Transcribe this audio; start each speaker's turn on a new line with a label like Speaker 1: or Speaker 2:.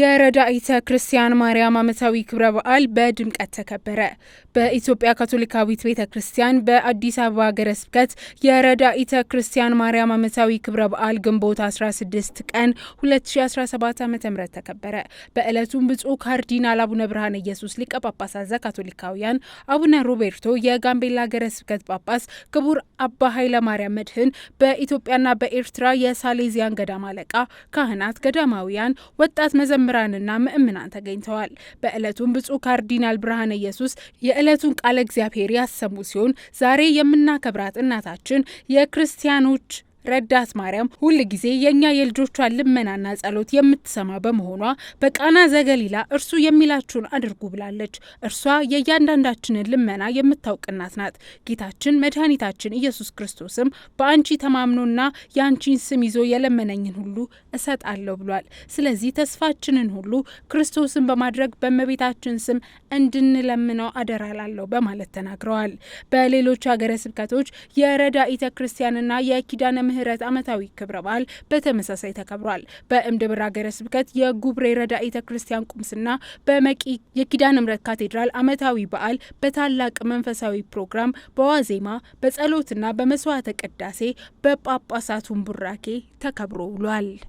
Speaker 1: የረዳኢተ ክርስቲያን ማርያም ዓመታዊ ክብረ በዓል በድምቀት ተከበረ። በኢትዮጵያ ካቶሊካዊት ቤተ ክርስቲያን በአዲስ አበባ ሀገረ ስብከት የረዳኢተ ክርስቲያን ማርያም ዓመታዊ ክብረ በዓል ግንቦት 16 ቀን 2017 ዓ ም ተከበረ። በዕለቱም ብፁዕ ካርዲናል አቡነ ብርሃነ ኢየሱስ ሊቀ አዘ ካቶሊካውያን፣ አቡነ ሮቤርቶ የጋምቤላ ሀገረ ስብከት ጳጳስ፣ ክቡር አባ ኃይለ ማርያም መድህን በኢትዮጵያና በኤርትራ የሳሌዚያን ገዳም አለቃ፣ ካህናት፣ ገዳማውያን፣ ወጣት መዘ መምህራንና ምእምናን ተገኝተዋል። በዕለቱም ብፁዕ ካርዲናል ብርሃነ ኢየሱስ የዕለቱን ቃለ እግዚአብሔር ያሰሙ ሲሆን ዛሬ የምናከብራት እናታችን የክርስቲያኖች ረዳት ማርያም ሁል ጊዜ የእኛ የልጆቿን ልመናና ጸሎት የምትሰማ በመሆኗ በቃና ዘገሊላ እርሱ የሚላችሁን አድርጉ ብላለች። እርሷ የእያንዳንዳችንን ልመና የምታውቅ እናት ናት። ጌታችን መድኃኒታችን ኢየሱስ ክርስቶስም በአንቺ ተማምኖና የአንቺን ስም ይዞ የለመነኝን ሁሉ እሰጣለሁ ብሏል። ስለዚህ ተስፋችንን ሁሉ ክርስቶስን በማድረግ በእመቤታችን ስም እንድንለምነው አደራላለሁ በማለት ተናግረዋል። በሌሎች ሀገረ ስብከቶች የረዳኢተ ክርስቲያንና የኪዳነ ምህረት ዓመታዊ ክብረ በዓል በተመሳሳይ ተከብሯል። በእምድብር ሀገረ ስብከት የጉብሬ ረዳኢተ ክርስቲያን ቁምስና በመቂ የኪዳነ ምሕረት ካቴድራል ዓመታዊ በዓል በታላቅ መንፈሳዊ ፕሮግራም በዋዜማ በጸሎትና በመስዋዕተ ቅዳሴ በጳጳሳቱን ቡራኬ ተከብሮ ውሏል።